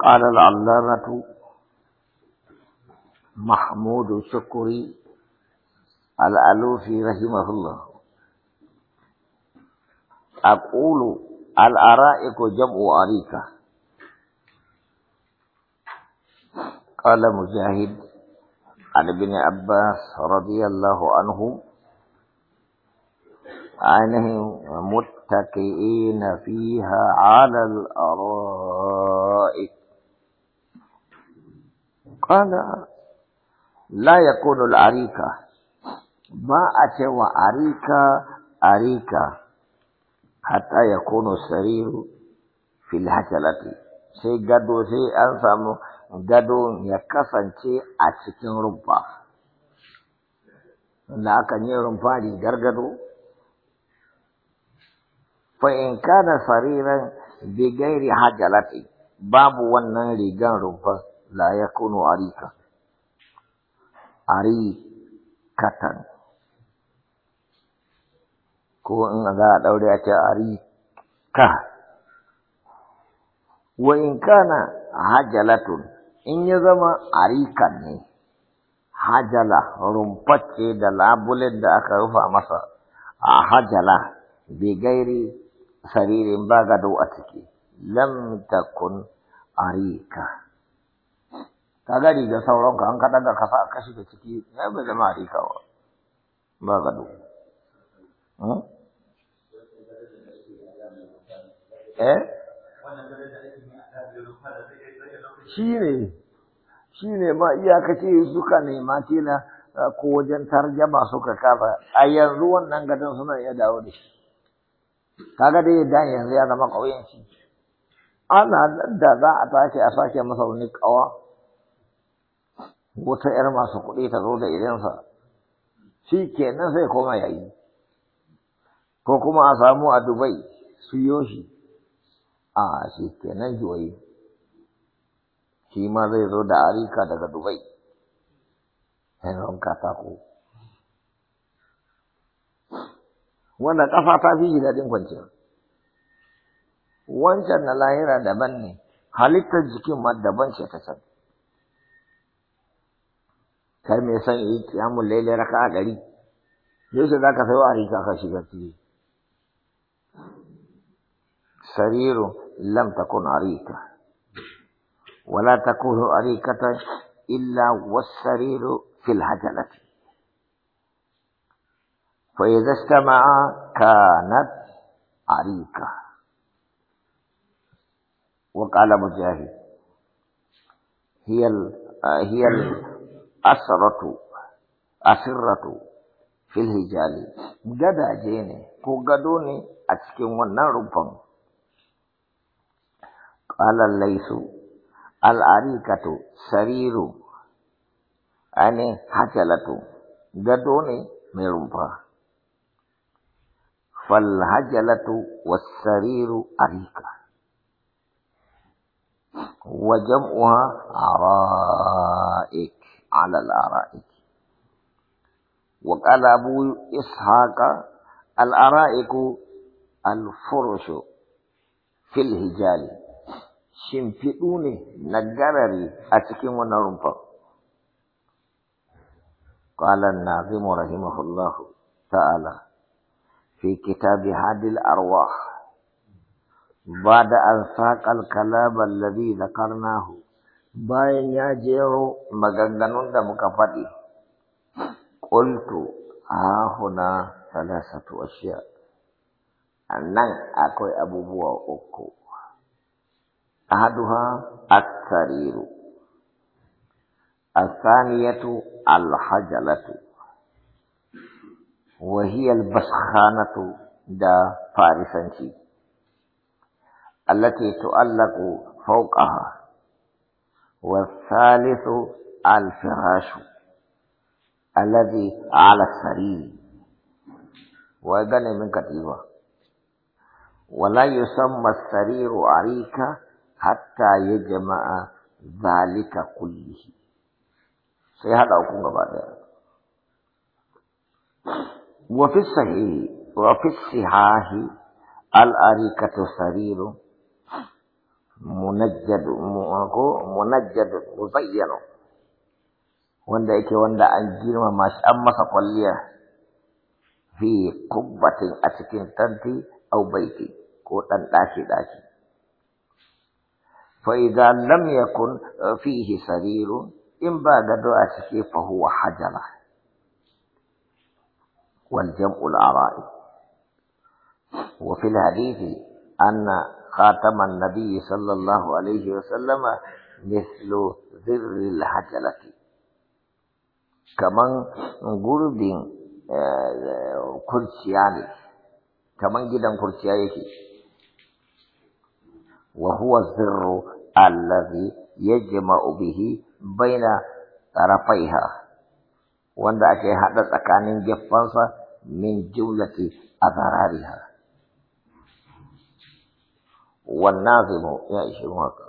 قال العلامة محمود الشكري الألوفي رحمه الله أقول الأرائك جمع أريكة قال مجاهد عن ابن عباس رضي الله عنه عنهم متكئين فيها على الأرائك قال لا يكون العريكة arika أتى وعريكة عريكة حتى يكون السرير في الهجلة sai gado sai an samu gado ya kasance a cikin rumfa da akan yi rumfa rigar gado fa'in kana sariran bigairi hajjalati babu wannan rigan rumfa لا يكون عريكا عريكة ko in za a ɗaure a ce arika wa in kana hajalatun in ya zama arikan ne hajala rumfacce da labulin da aka rufa masa a hajala gairi saririn ba gado a ciki lam takun arika ka ga riga sauran ka an ka kasa a kashi da ciki ya bai zama a rika ba ba gado hmm? eh shi ne shi ne ma iyakace suka nema tela eh, ko wajen tarjama suka kafa a yanzu wannan gadon suna iya dawo da shi kaga dai dan yanzu ya zama ƙauyen shi ana da za a tashi a sake masa wani ƙawa wata ‘yar masu kuɗi ta zo da idansa, shi kenan sai koma ya yi, ko kuma a samu a Dubai su yoshi, a shi kenan juwayi, shi ma zai zo da arika daga Dubai, yanzu katako. Wanda ƙafa ta fi daɗin kwanci. Wancan na lahira daban ne, halittar jikin ma daban ce ta can. گھر میں سن ایک قیام لے لے رکھا گھڑی جو سدا کا تھا وہ کا خرچی کرتی ہے شریر لم تکن عریقہ ولا تکن عریقہ الا والسریر فی الحجلت فإذا استمع كانت عريقة وقال مجاهد هي الـ هي الـ asaratu asirratu fil hijali gadaje ne ko gado ne a cikin wannan rumfan qala laysu arikatu sariru ane hajalatu gado ne mai rumfa sariru arika wa jam'uha ara'ik على الآرائك وقال أبو إسحاق الآرائك الفرش في الهجال شمفئوني نجرري أتكين ونرمفا قال الناظم رحمه الله تعالى في كتاب هذه الأرواح بعد أن ساق الكلام الذي ذكرناه bayan ya jero maganganun da muka faɗi qultu hahuna salasatu a nan akwai abubuwa uku ahaduha at-sariru A saniyatu al-hajalatu wa hiya al da farisanci allati tu'allaqu fawqaha والثالث الفراش الذي على السرير وقال من كتيبة ولا يسمى السرير عريكا حتى يجمع ذلك كله سيهد أكون بعد وفي الصحيح وفي الصحاح الأريكة سرير Munajjadu, ko munajjad muzayyano wanda yake wanda an girmama shi an masa kwalliya fi kubbatin a cikin tanti au baiti ko ɗan ɗaki-ɗaki. fa idza lam yakun eh, fihi sariru in ba gado a ciki fa huwa hajara wal jam'u al ara'i wa fil hadithi خاتم النبي صلى الله عليه وسلم مثل ذر الحجلة كمان غردين آه، كرسياني كمان جدا كرسياني وهو الذر الذي يجمع به بين طرفيها وندعك هذا كان جفانسا من جملة أضرارها wannan zai ma ya ishe mu haka